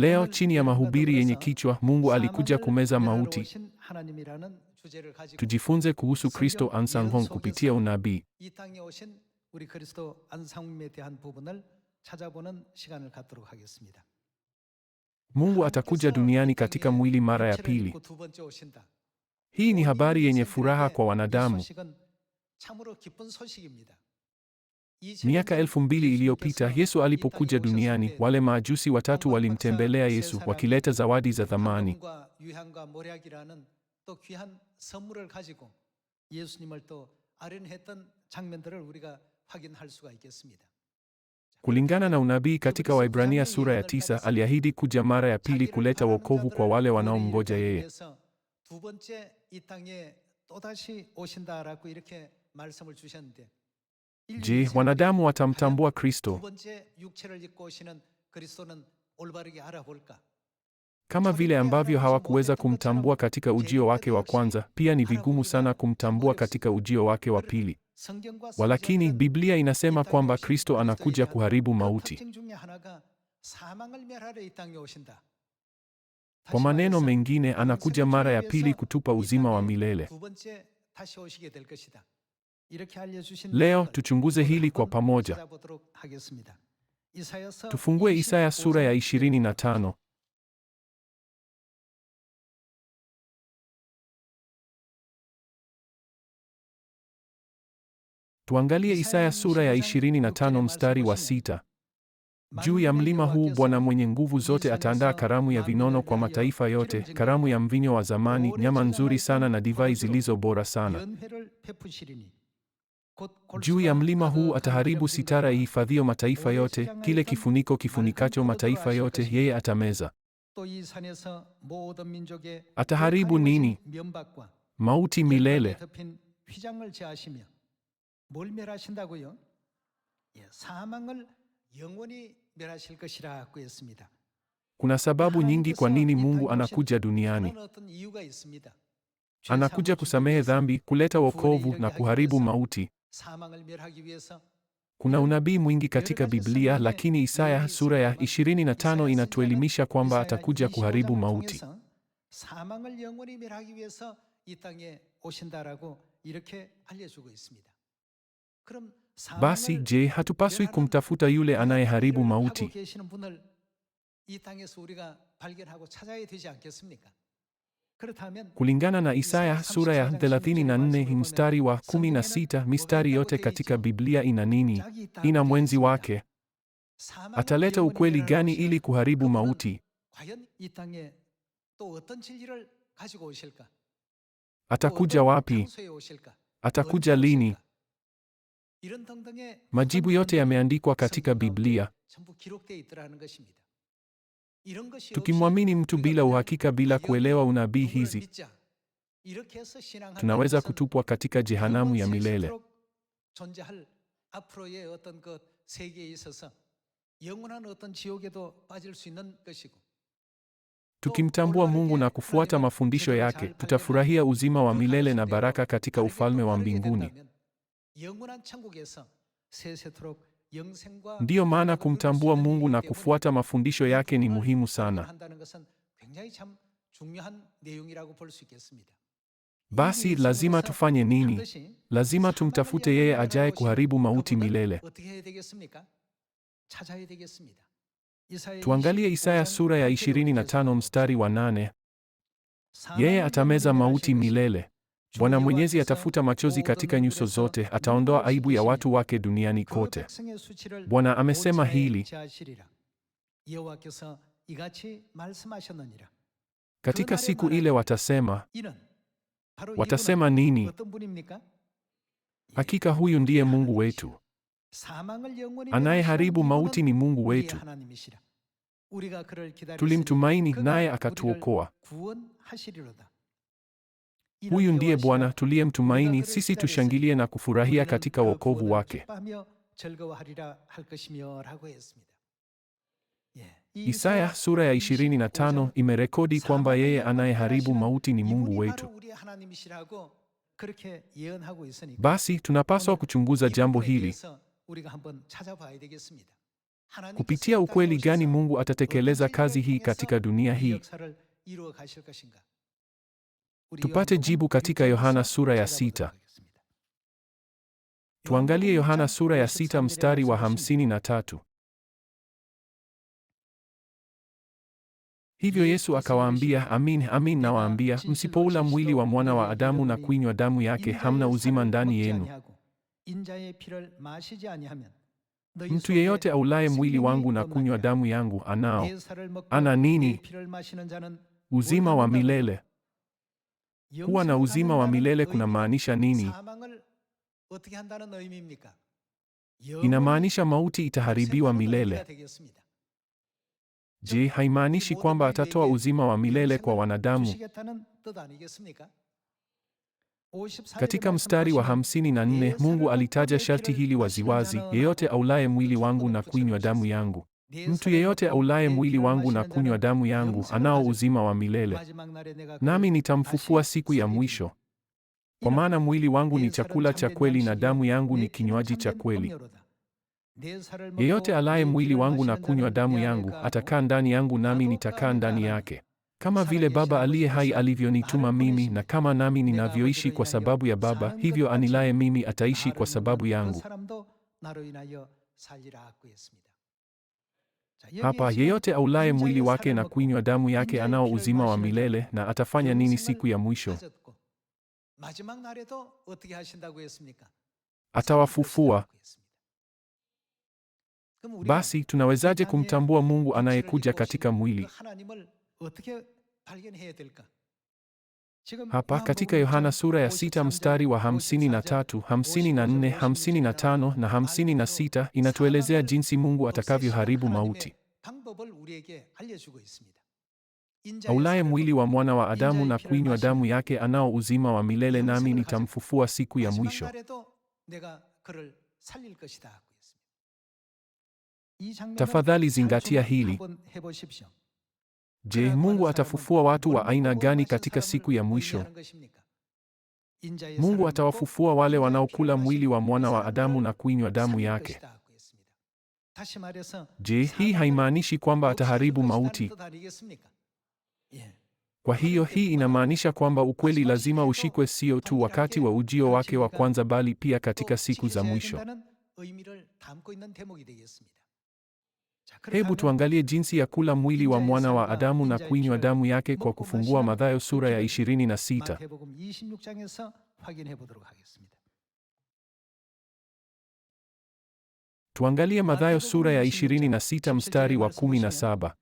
Leo chini ya mahubiri yenye kichwa Mungu alikuja kumeza mauti, tujifunze kuhusu Kristo Ansanghong kupitia unabii. Mungu atakuja duniani katika mwili mara ya pili. Hii ni habari yenye furaha kwa wanadamu. Miaka elfu mbili iliyopita Yesu alipokuja duniani, wale maajusi watatu walimtembelea Yesu wakileta zawadi za thamani. Kulingana na unabii katika Waibrania sura ya tisa, aliahidi kuja mara ya pili kuleta wokovu kwa wale wanaomngoja yeye. Je, wanadamu watamtambua Kristo? Kama vile ambavyo hawakuweza kumtambua katika ujio wake wa kwanza, pia ni vigumu sana kumtambua katika ujio wake wa pili. Walakini Biblia inasema kwamba Kristo anakuja kuharibu mauti. Kwa maneno mengine, anakuja mara ya pili kutupa uzima wa milele. Leo tuchunguze hili kwa pamoja. Tufungue Isaya sura ya 25. Tuangalie Isaya sura ya 25 mstari wa sita. Juu ya mlima huu Bwana mwenye nguvu zote ataandaa karamu ya vinono kwa mataifa yote, karamu ya mvinyo wa zamani, nyama nzuri sana na divai zilizo bora sana. Juu ya mlima huu ataharibu sitara ihifadhio mataifa yote, kile kifuniko kifunikacho mataifa yote yeye atameza. Ataharibu nini? Mauti milele. Kuna sababu nyingi kwa nini Mungu anakuja duniani. Anakuja kusamehe dhambi, kuleta wokovu na kuharibu mauti. Kuna unabii mwingi katika Biblia, lakini Isaya sura ya 25 inatuelimisha kwamba atakuja kuharibu mauti. Basi je, hatupaswi kumtafuta yule anayeharibu mauti? Kulingana na Isaya sura ya 34 mstari wa 16, mistari yote katika Biblia ina nini? Ina mwenzi wake. Ataleta ukweli gani ili kuharibu mauti? Atakuja wapi? Atakuja lini? Majibu yote yameandikwa katika Biblia. Tukimwamini mtu bila uhakika, bila kuelewa unabii hizi, tunaweza kutupwa katika jehanamu ya milele. Tukimtambua Mungu na kufuata mafundisho yake, tutafurahia uzima wa milele na baraka katika ufalme wa mbinguni. Ndiyo maana kumtambua Mungu na kufuata mafundisho yake ni muhimu sana. Basi lazima tufanye nini? Lazima tumtafute yeye ajaye kuharibu mauti milele. Tuangalie Isaya sura ya 25 mstari wa 8. Yeye atameza mauti milele. Bwana Mwenyezi atafuta machozi katika nyuso zote, ataondoa aibu ya watu wake duniani kote. Bwana amesema hili katika siku ile. Watasema, watasema nini? Hakika huyu ndiye Mungu wetu, anayeharibu mauti ni Mungu wetu. Tulimtumaini naye akatuokoa. Huyu ndiye Bwana tuliyemtumaini, sisi tushangilie na kufurahia katika wokovu wake. Isaya sura ya 25 imerekodi kwamba yeye anayeharibu mauti ni Mungu wetu. Basi tunapaswa kuchunguza jambo hili. Kupitia ukweli gani Mungu atatekeleza kazi hii katika dunia hii? Tupate jibu katika Yohana sura ya sita. Tuangalie Yohana sura ya sita mstari wa hamsini na tatu. Hivyo Yesu akawaambia, amin amin nawaambia, msipoula mwili wa mwana wa Adamu na kuinywa damu yake, hamna uzima ndani yenu. Mtu yeyote aulaye mwili wangu na kunywa damu yangu, anao ana nini? Uzima wa milele kuwa na uzima wa milele kunamaanisha nini? Inamaanisha mauti itaharibiwa milele. Je, haimaanishi kwamba atatoa uzima wa milele kwa wanadamu? Katika mstari wa hamsini na nne Mungu alitaja sharti hili waziwazi: yeyote aulaye mwili wangu na kuinywa damu yangu Mtu yeyote aulaye mwili wangu na kunywa damu yangu anao uzima wa milele, nami nitamfufua siku ya mwisho. Kwa maana mwili wangu ni chakula cha kweli na damu yangu ni kinywaji cha kweli. Yeyote alaye mwili wangu na kunywa damu yangu atakaa ndani yangu, nami nitakaa ndani yake. Kama vile Baba aliye hai alivyonituma mimi, na kama nami ninavyoishi kwa sababu ya Baba, hivyo anilaye mimi ataishi kwa sababu yangu. Hapa yeyote aulaye mwili wake na kuinywa damu yake anao uzima wa milele. Na atafanya nini siku ya mwisho? Atawafufua. Basi tunawezaje kumtambua Mungu anayekuja katika mwili? Hapa katika Yohana sura ya sita mstari wa hamsini na tatu, hamsini na nne, hamsini na tano na hamsini na sita inatuelezea jinsi Mungu atakavyoharibu mauti. Aulaye mwili wa mwana wa Adamu na kuinywa damu yake anao uzima wa milele, nami nitamfufua siku ya mwisho. Tafadhali zingatia hili. Je, eh, Mungu atafufua watu wa aina gani katika siku ya mwisho? Mungu atawafufua wale wanaokula mwili wa mwana wa Adamu na kuinywa damu yake. Je, hii haimaanishi kwamba ataharibu mauti? Kwa hiyo hii inamaanisha kwamba ukweli lazima ushikwe sio tu wakati wa ujio wake wa kwanza bali pia katika siku za mwisho. Hebu tuangalie jinsi ya kula mwili wa mwana wa Adamu na kuinywa damu yake kwa kufungua Mathayo sura ya 26. Tuangalie Mathayo sura ya 26 mstari wa 17.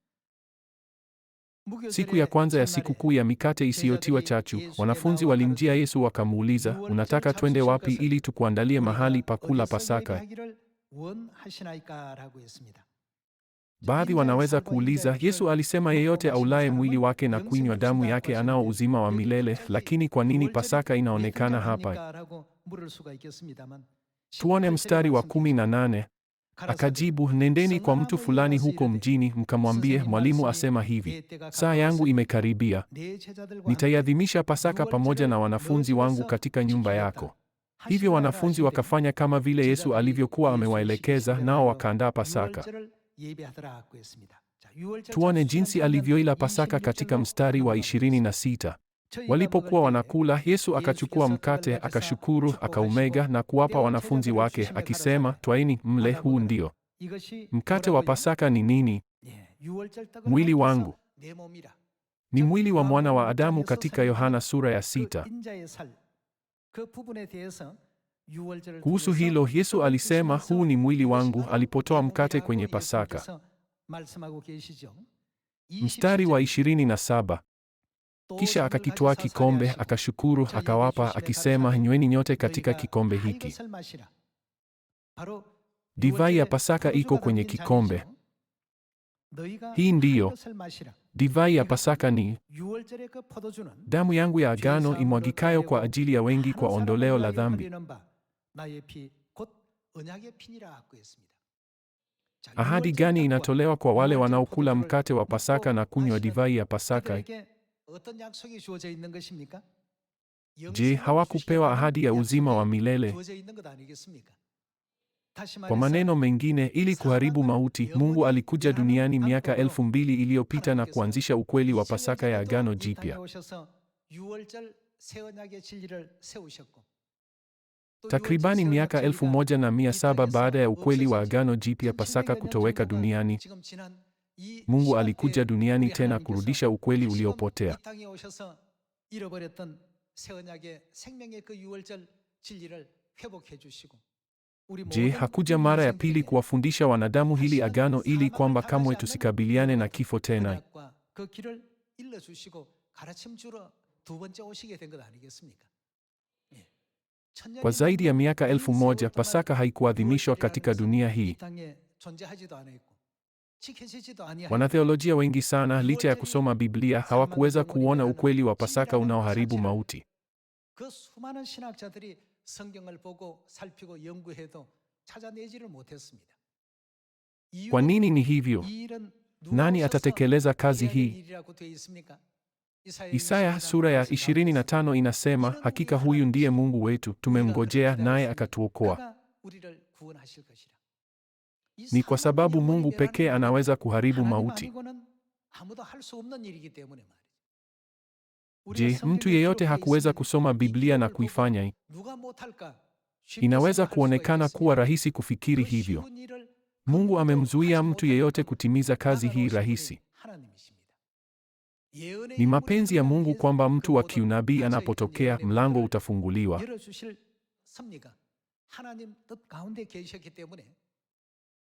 Siku ya kwanza ya sikukuu ya mikate isiyotiwa chachu, wanafunzi walimjia Yesu wakamuuliza, unataka twende wapi ili tukuandalie mahali pa kula Pasaka? Baadhi wanaweza kuuliza, Yesu alisema yeyote aulaye mwili wake na kuinywa damu yake anao uzima wa milele, lakini kwa nini Pasaka inaonekana hapa? Tuone mstari wa kumi na nane. Akajibu, nendeni kwa mtu fulani huko mjini mkamwambie, mwalimu asema hivi, saa yangu imekaribia, nitaiadhimisha Pasaka pamoja na wanafunzi wangu katika nyumba yako. Hivyo wanafunzi wakafanya kama vile Yesu alivyokuwa amewaelekeza, nao wakaandaa Pasaka. Tuone jinsi alivyoila Pasaka katika mstari wa 26. Walipokuwa wanakula, Yesu akachukua mkate, akashukuru, akaumega na kuwapa wanafunzi wake akisema, twaini mle, huu ndio mkate wa Pasaka. Ni nini? Mwili wangu. Ni mwili wa mwana wa Adamu, katika Yohana sura ya sita. Kuhusu hilo Yesu alisema, huu ni mwili wangu, alipotoa mkate kwenye Pasaka. Mstari wa 27, kisha akakitwaa kikombe, akashukuru, akawapa, akisema, nyweni nyote katika kikombe hiki. Divai ya Pasaka iko kwenye kikombe. Hii ndiyo divai ya Pasaka, ni damu yangu ya agano imwagikayo kwa ajili ya wengi kwa ondoleo la dhambi naye 피곧 언약의 피니라 하였습니다. Ahadi gani inatolewa kwa wale wanaokula mkate wa Pasaka na kunywa divai ya Pasaka? Je, hawakupewa ahadi ya uzima wa milele? Kwa maneno mengine, ili kuharibu mauti, Mungu alikuja duniani miaka elfu mbili iliyopita na kuanzisha ukweli wa Pasaka ya Agano Jipya. Takribani miaka elfu moja na mia saba baada ya ukweli wa Agano Jipya Pasaka kutoweka duniani, Mungu alikuja duniani tena kurudisha ukweli uliopotea. Je, hakuja mara ya pili kuwafundisha wanadamu hili agano ili kwamba kamwe tusikabiliane na kifo tena? Kwa zaidi ya miaka elfu moja Pasaka haikuadhimishwa katika dunia hii. Wanatheolojia wengi sana, licha ya kusoma Biblia, hawakuweza kuona ukweli wa Pasaka unaoharibu mauti. Kwa nini ni hivyo? Nani atatekeleza kazi hii? Isaya sura ya 25 inasema, hakika huyu ndiye Mungu wetu, tumemngojea naye akatuokoa. Ni kwa sababu Mungu pekee anaweza kuharibu mauti. Je, mtu yeyote hakuweza kusoma Biblia na kuifanya? Inaweza kuonekana kuwa rahisi kufikiri hivyo. Mungu amemzuia mtu yeyote kutimiza kazi hii rahisi. Ni mapenzi ya Mungu kwamba mtu wa kiunabii anapotokea, mlango utafunguliwa.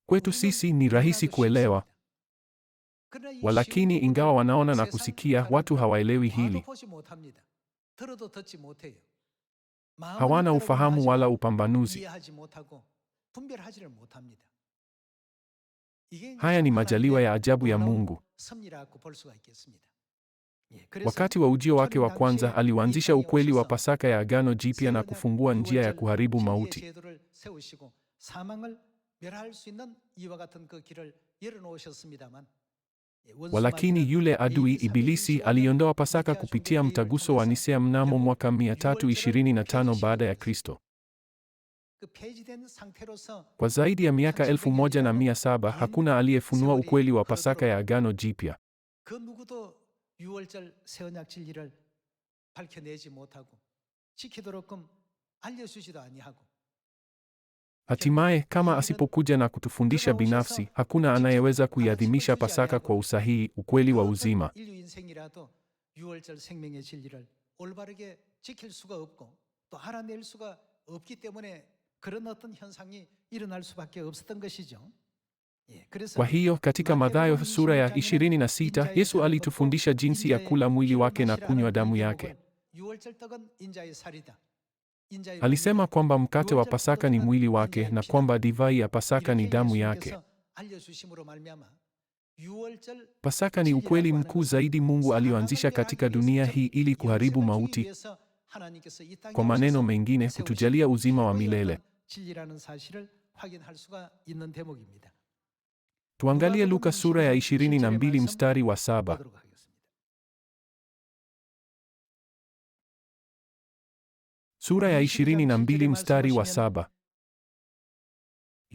Kwetu sisi ni rahisi kuelewa, walakini ingawa wanaona na kusikia, watu hawaelewi hili. Hawana ufahamu wala upambanuzi. Haya ni majaliwa ya ajabu ya Mungu. Wakati wa ujio wake wa kwanza, aliwanzisha ukweli wa Pasaka ya Agano Jipya na kufungua njia ya kuharibu mauti. Walakini yule adui Ibilisi aliondoa Pasaka kupitia mtaguso wa Nisea mnamo mwaka 325 baada ya Kristo. Kwa zaidi ya miaka elfu hakuna aliyefunua ukweli wa Pasaka ya Agano Jipya. 6월절 새언약 진리를 밝혀내지 못하고 지키도록끔 알려주지도 아니하고 Hatimaye, kama asipokuja na kutufundisha binafsi, hakuna anayeweza kuiadhimisha Pasaka kwa usahihi, ukweli wa uzima. Kwa hiyo katika Mathayo sura ya 26 Yesu alitufundisha jinsi ya kula mwili wake na kunywa damu yake. Alisema kwamba mkate wa Pasaka ni mwili wake na kwamba divai ya Pasaka ni damu yake. Pasaka ni ukweli mkuu zaidi Mungu alioanzisha katika dunia hii ili kuharibu mauti, kwa maneno mengine, kutujalia uzima wa milele. Tuangalie Luka sura ya 22 mstari wa saba. Sura ya 22 mstari wa saba.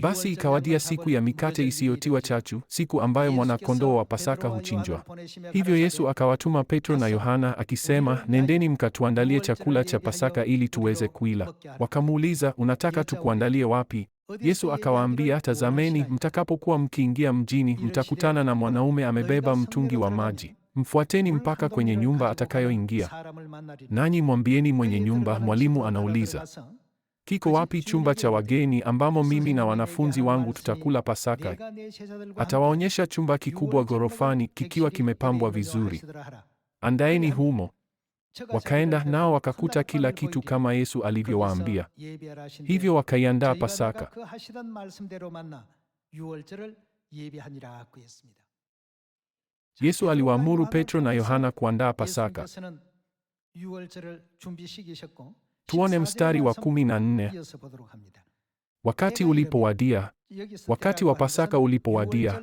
Basi ikawadia siku ya mikate isiyotiwa chachu, siku ambayo mwana-kondoo wa Pasaka huchinjwa. Hivyo Yesu akawatuma Petro na Yohana akisema, nendeni mkatuandalie chakula cha Pasaka ili tuweze kuila. Wakamuuliza, unataka tukuandalie wapi? Yesu akawaambia, tazameni, mtakapokuwa mkiingia mjini, mtakutana na mwanaume amebeba mtungi wa maji. Mfuateni mpaka kwenye nyumba atakayoingia, nanyi mwambieni mwenye nyumba, Mwalimu anauliza, kiko wapi chumba cha wageni ambamo mimi na wanafunzi wangu tutakula Pasaka? Atawaonyesha chumba kikubwa ghorofani, kikiwa kimepambwa vizuri. Andaeni humo. Wakaenda nao wakakuta kila kitu kama Yesu alivyowaambia. Hivyo wakaiandaa Pasaka. Yesu aliwaamuru Petro na Yohana kuandaa Pasaka. Tuone mstari wa kumi na nne. Wakati ulipowadia, wakati wa Pasaka ulipowadia,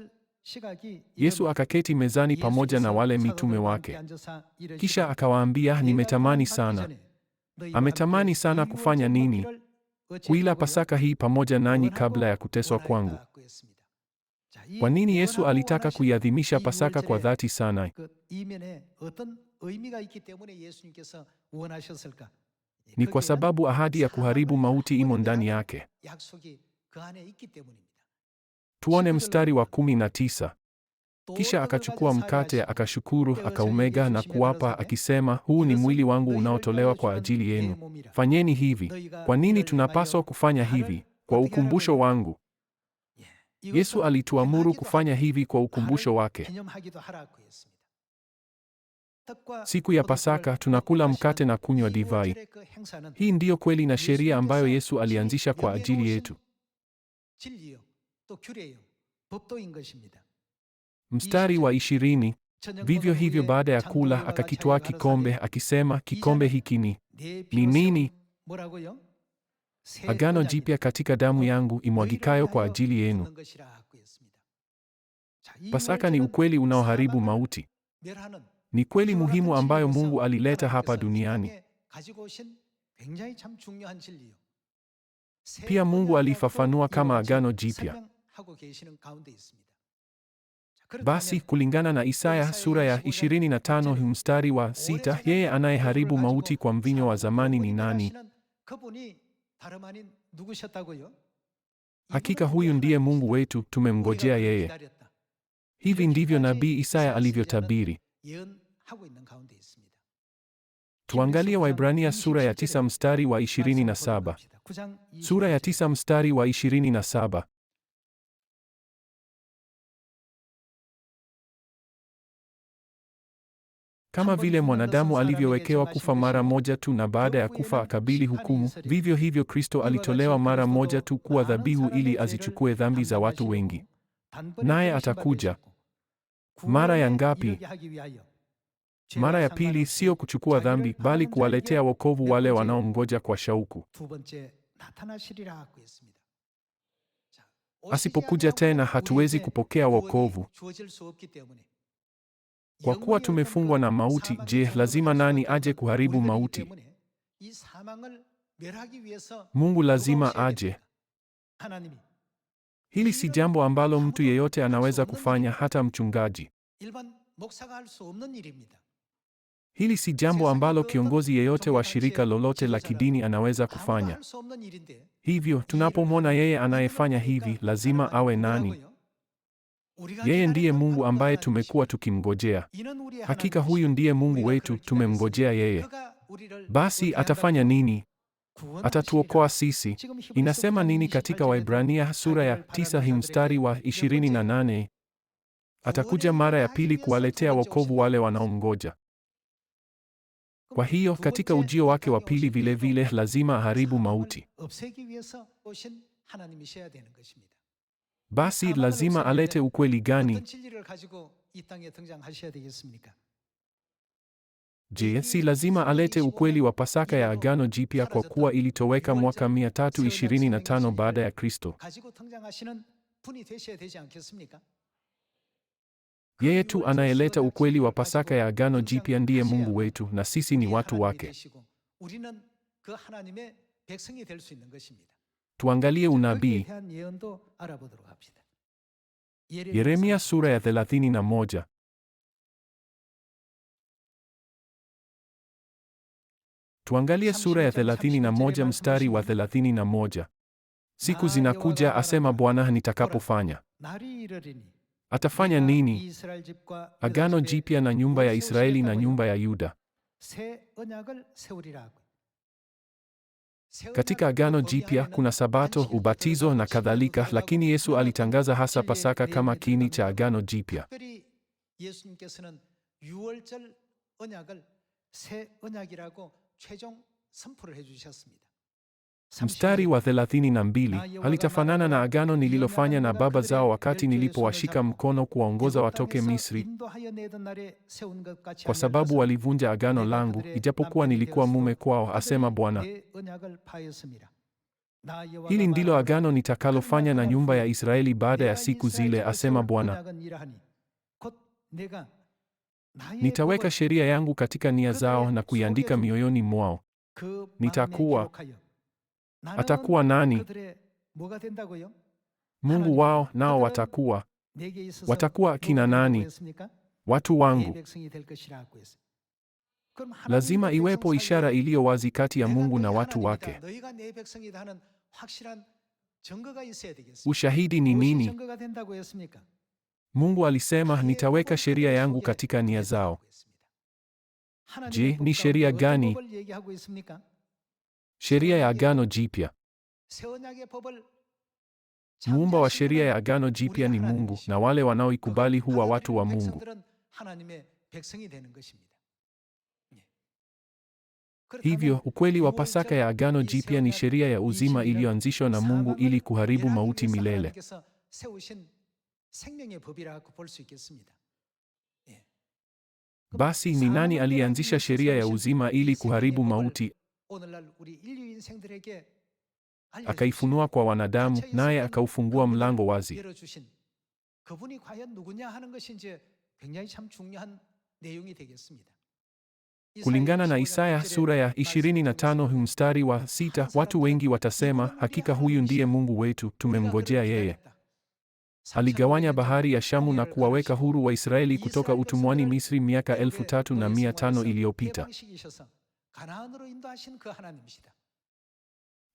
Yesu akaketi mezani pamoja na wale mitume wake, kisha akawaambia, nimetamani sana. Ametamani sana kufanya nini? Kuila Pasaka hii pamoja nanyi kabla ya kuteswa kwangu. Kwa nini Yesu alitaka kuiadhimisha Pasaka kwa dhati sana? Ni kwa sababu ahadi ya kuharibu mauti imo ndani yake. Tuone mstari wa kumi na tisa. Kisha akachukua mkate, akashukuru, akaumega na kuwapa, akisema, huu ni mwili wangu unaotolewa kwa ajili ee yenu, fanyeni hivi. Kwa nini tunapaswa kufanya hivi? Kwa ukumbusho wangu. Yesu alituamuru kufanya hivi kwa ukumbusho wake. Siku ya Pasaka tunakula mkate na kunywa divai. Hii ndiyo kweli na sheria ambayo Yesu alianzisha kwa ajili yetu. Mstari wa ishirini. Vivyo hivyo baada ya kula akakitoa kikombe akisema, kikombe hiki ni ni nini? Agano jipya katika damu yangu imwagikayo kwa ajili yenu. Pasaka ni ukweli unaoharibu mauti. Ni kweli muhimu ambayo Mungu alileta hapa duniani. Pia Mungu alifafanua kama agano jipya. Basi kulingana na Isaya sura ya 25 mstari wa sita, yeye anayeharibu mauti kwa mvinyo wa zamani ni nani? Hakika huyu ndiye Mungu wetu, tumemngojea yeye. Hivi ndivyo nabii Isaya alivyotabiri. Tuangalie Waibrania sura ya 9 mstari wa 27. Sura ya 9 mstari wa 27. Kama vile mwanadamu alivyowekewa kufa mara moja tu na baada ya kufa akabili hukumu, vivyo hivyo Kristo alitolewa mara moja tu kuwa dhabihu ili azichukue dhambi za watu wengi. Naye atakuja mara ya ngapi? Mara ya pili, sio kuchukua dhambi, bali kuwaletea wokovu wale wanaomngoja kwa shauku. Asipokuja tena, hatuwezi kupokea wokovu. Kwa kuwa tumefungwa na mauti, je, lazima nani aje kuharibu mauti? Mungu lazima aje. Hili si jambo ambalo mtu yeyote anaweza kufanya, hata mchungaji. Hili si jambo ambalo kiongozi yeyote wa shirika lolote la kidini anaweza kufanya. Hivyo tunapomwona yeye anayefanya hivi, lazima awe nani? Yeye ndiye Mungu ambaye tumekuwa tukimngojea. Hakika huyu ndiye Mungu wetu, tumemngojea yeye. Basi atafanya nini? Atatuokoa sisi. Inasema nini katika Waibrania sura ya tisa himstari wa 28? Atakuja mara ya pili kuwaletea wokovu wale wanaomngoja. Kwa hiyo katika ujio wake wa pili vile vile lazima aharibu mauti basi lazima alete ukweli gani? Je, si lazima alete ukweli wa Pasaka ya Agano Jipya kwa kuwa ilitoweka mwaka 325 baada ya Kristo? Yeye tu anayeleta ukweli wa Pasaka ya Agano Jipya ndiye Mungu wetu na sisi ni watu wake. Tuangalie unabii Yeremia sura ya 31. Tuangalie sura ya 31 mstari wa 31. Siku zinakuja, asema Bwana, nitakapofanya atafanya nini agano jipya na nyumba ya Israeli na nyumba ya Yuda katika Agano Jipya kuna Sabato, ubatizo na kadhalika, lakini Yesu alitangaza hasa Pasaka kama kiini cha Agano Jipya. Mstari wa 32 halitafanana na agano nililofanya na baba zao wakati nilipowashika mkono kuwaongoza watoke Misri, kwa sababu walivunja agano langu, ijapokuwa nilikuwa mume kwao, asema Bwana. Hili ndilo agano nitakalofanya na nyumba ya Israeli baada ya siku zile, asema Bwana. Nitaweka sheria yangu katika nia zao na kuiandika mioyoni mwao. Nitakuwa atakuwa nani? Mungu wao nao watakuwa watakuwa kina nani? Watu wangu. Lazima iwepo ishara iliyo wazi kati ya Mungu na watu wake. Ushahidi ni nini? Mungu alisema, nitaweka sheria yangu katika nia zao. Je, ni sheria gani? Sheria ya Agano Jipya. Muumba wa sheria ya Agano Jipya ni Mungu na wale wanaoikubali huwa watu wa Mungu. Hivyo ukweli wa Pasaka ya Agano Jipya ni sheria ya uzima iliyoanzishwa na Mungu ili kuharibu mauti milele. Basi ni nani aliyeanzisha sheria ya uzima ili kuharibu mauti? akaifunua kwa wanadamu, naye akaufungua mlango wazi. Kulingana na Isaya sura ya 25 mstari wa sita, watu wengi watasema, hakika huyu ndiye Mungu wetu, tumemngojea yeye. Aligawanya bahari ya Shamu na kuwaweka huru Waisraeli kutoka utumwani Misri miaka elfu tatu na mia tano iliyopita.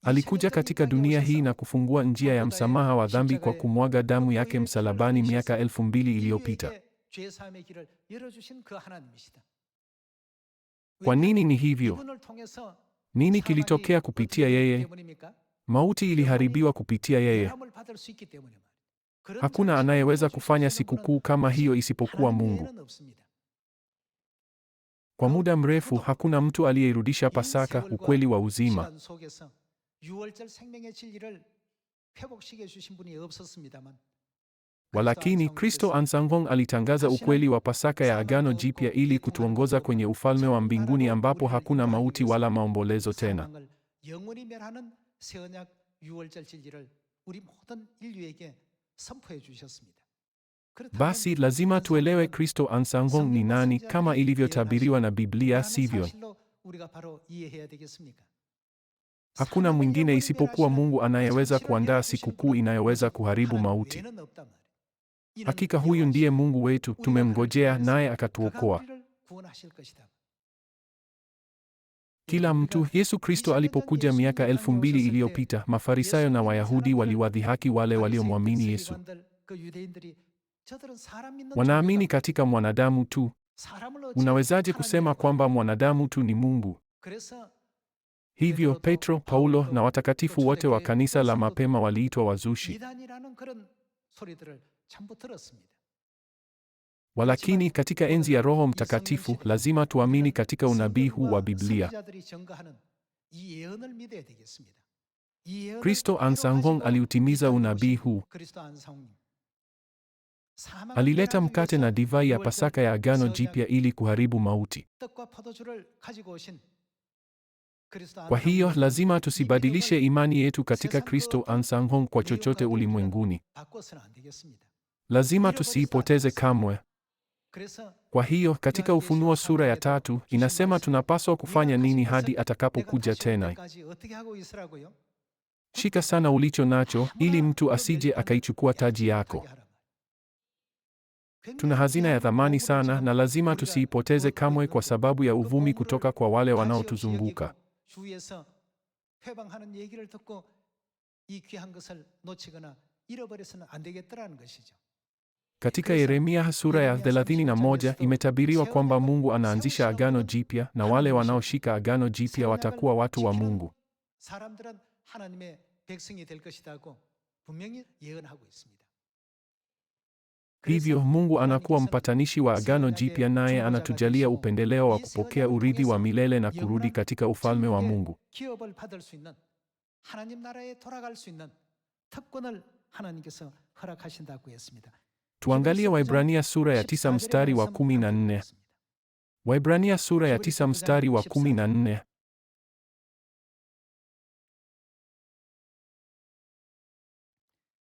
Alikuja katika dunia hii na kufungua njia ya msamaha wa dhambi kwa kumwaga damu yake msalabani miaka elfu mbili iliyopita. Kwa nini ni hivyo? Nini kilitokea kupitia yeye? Mauti iliharibiwa kupitia yeye. Hakuna anayeweza kufanya sikukuu kama hiyo isipokuwa Mungu. Kwa muda mrefu hakuna mtu aliyeirudisha Pasaka, ukweli wa uzima. Walakini Kristo Ahnsahnghong alitangaza ukweli wa Pasaka ya Agano Jipya ili kutuongoza kwenye ufalme wa mbinguni ambapo hakuna mauti wala maombolezo tena. Basi lazima tuelewe Kristo Ahnsahnghong ni nani kama ilivyotabiriwa na Biblia, sivyo? Hakuna mwingine isipokuwa Mungu anayeweza kuandaa sikukuu inayoweza kuharibu mauti. Hakika huyu ndiye Mungu wetu, tumemngojea naye akatuokoa. Kila mtu. Yesu Kristo alipokuja miaka elfu mbili iliyopita, Mafarisayo na Wayahudi waliwadhihaki wale waliomwamini Yesu. Wanaamini katika mwanadamu tu. Unawezaje kusema kwamba mwanadamu tu ni Mungu? Hivyo Petro, Paulo na watakatifu wote wa kanisa la mapema waliitwa wazushi. Walakini katika enzi ya Roho Mtakatifu lazima tuamini katika unabii huu wa Biblia. Kristo Ahnsahnghong aliutimiza unabii huu. Alileta mkate na divai ya Pasaka ya Agano Jipya ili kuharibu mauti. Kwa hiyo lazima tusibadilishe imani yetu katika Kristo Ahnsahnghong kwa chochote ulimwenguni. Lazima tusiipoteze kamwe. Kwa hiyo katika Ufunuo sura ya tatu inasema tunapaswa kufanya nini hadi atakapokuja tena. Shika sana ulicho nacho ili mtu asije akaichukua taji yako. Tuna hazina ya thamani sana na lazima tusiipoteze kamwe kwa sababu ya uvumi kutoka kwa wale wanaotuzunguka. Katika Yeremia sura ya 31 imetabiriwa kwamba Mungu anaanzisha agano jipya na wale wanaoshika agano jipya watakuwa watu wa Mungu. Hivyo Mungu anakuwa mpatanishi wa agano jipya, naye anatujalia upendeleo wa kupokea urithi wa milele na kurudi katika ufalme wa Mungu. Tuangalie Waibrania sura ya tisa mstari wa kumi na nne. Waibrania sura ya tisa mstari wa kumi na nne.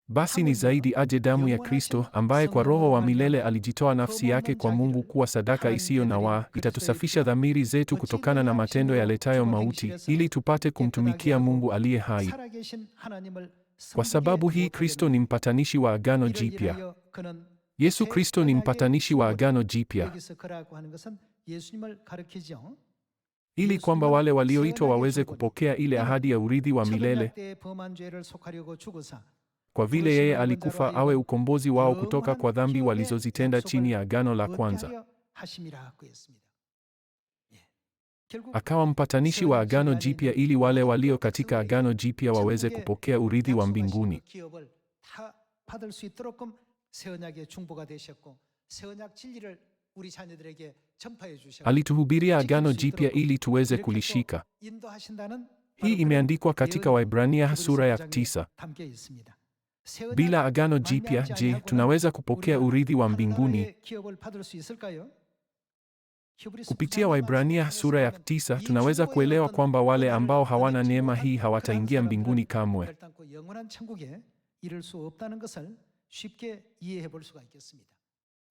Basi ni zaidi aje damu ya Kristo ambaye kwa Roho wa milele alijitoa nafsi yake kwa Mungu kuwa sadaka isiyo na waa, itatusafisha dhamiri zetu kutokana na matendo yaletayo mauti, ili tupate kumtumikia Mungu aliye hai. Kwa sababu hii Kristo ni mpatanishi wa agano jipya. Yesu Kristo ni mpatanishi wa agano jipya, ili kwamba wale walioitwa waweze kupokea ile ahadi ya urithi wa milele kwa vile yeye alikufa awe ukombozi wao kutoka kwa dhambi walizozitenda chini ya agano la kwanza. Akawa mpatanishi wa agano jipya ili wale walio katika agano jipya waweze kupokea urithi wa mbinguni. Alituhubiria agano jipya ili tuweze kulishika. Hii imeandikwa katika Waibrania sura ya tisa. Bila agano jipya, je, tunaweza kupokea urithi wa mbinguni? Kupitia Waibrania sura ya tisa tunaweza kuelewa kwamba wale ambao hawana neema hii hawataingia mbinguni kamwe.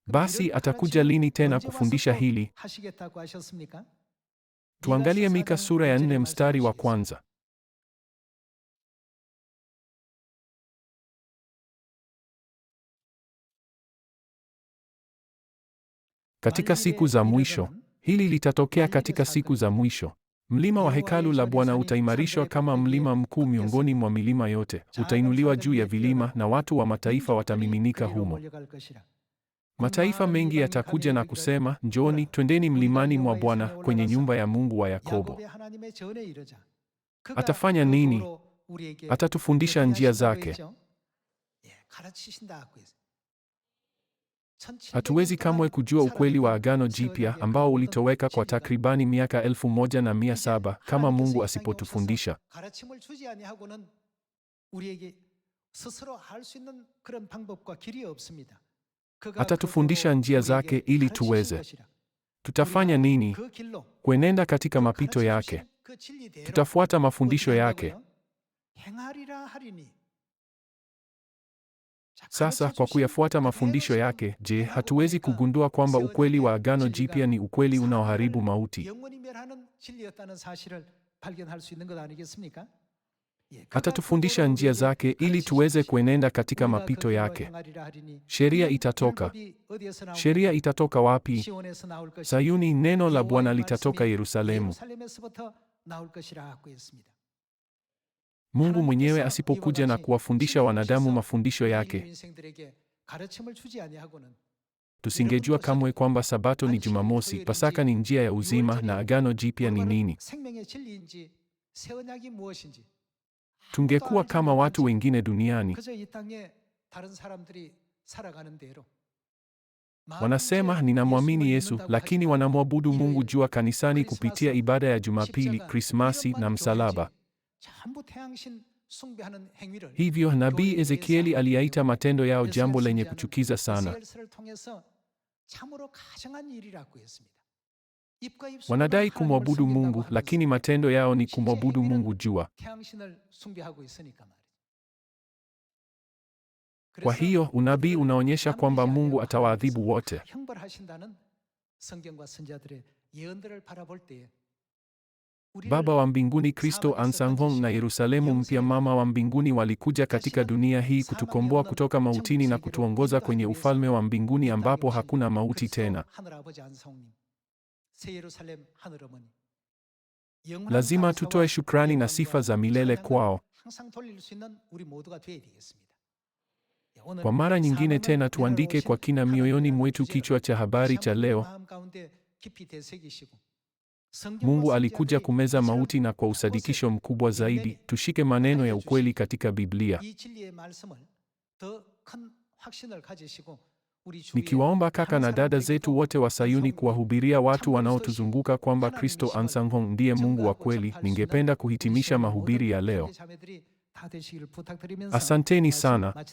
Basi atakuja lini tena kufundisha hili? Tuangalie Mika sura ya nne mstari wa kwanza. Katika siku za mwisho, hili litatokea katika siku za mwisho. Mlima wa hekalu la Bwana utaimarishwa kama mlima mkuu miongoni mwa milima yote, utainuliwa juu ya vilima na watu wa mataifa watamiminika humo. Mataifa mengi yatakuja na kusema, njoni, twendeni mlimani mwa Bwana kwenye nyumba ya Mungu wa Yakobo. Atafanya nini? Atatufundisha njia zake. Hatuwezi kamwe kujua ukweli wa Agano Jipya ambao ulitoweka kwa takribani miaka elfu moja na mia saba kama Mungu asipotufundisha. Atatufundisha njia zake ili tuweze. Tutafanya nini? Kuenenda katika mapito yake. Tutafuata mafundisho yake. Sasa kwa kuyafuata mafundisho yake, je, hatuwezi kugundua kwamba ukweli wa Agano Jipya ni ukweli unaoharibu mauti? Atatufundisha njia zake ili tuweze kuenenda katika mapito yake. Sheria itatoka. Sheria itatoka wapi? Sayuni, neno la Bwana litatoka Yerusalemu. Mungu mwenyewe asipokuja na kuwafundisha wanadamu mafundisho yake, tusingejua kamwe kwamba Sabato ni Jumamosi, Pasaka ni njia ya uzima na Agano Jipya ni nini. Tungekuwa kama watu wengine duniani. Wanasema ninamwamini Yesu, lakini wanamwabudu Mungu jua kanisani kupitia ibada ya Jumapili, Krismasi na msalaba. Hivyo nabii Ezekieli aliyaita matendo yao jambo lenye kuchukiza sana. Wanadai kumwabudu Mungu, lakini matendo yao ni kumwabudu mungu jua. Kwa hiyo unabii unaonyesha kwamba Mungu atawaadhibu wote. Baba wa mbinguni Kristo Ahnsahnghong na Yerusalemu mpya mama wa mbinguni walikuja katika dunia hii kutukomboa kutoka mautini na kutuongoza kwenye ufalme wa mbinguni ambapo hakuna mauti tena. Lazima tutoe shukrani na sifa za milele kwao. Kwa mara nyingine tena tuandike kwa kina mioyoni mwetu kichwa cha habari cha leo. Mungu alikuja kumeza mauti na kwa usadikisho mkubwa zaidi, tushike maneno ya ukweli katika Biblia. Nikiwaomba kaka na dada zetu wote wa Sayuni kuwahubiria watu wanaotuzunguka kwamba Kristo Ahnsahnghong ndiye Mungu wa kweli, ningependa kuhitimisha mahubiri ya leo. Asanteni sana.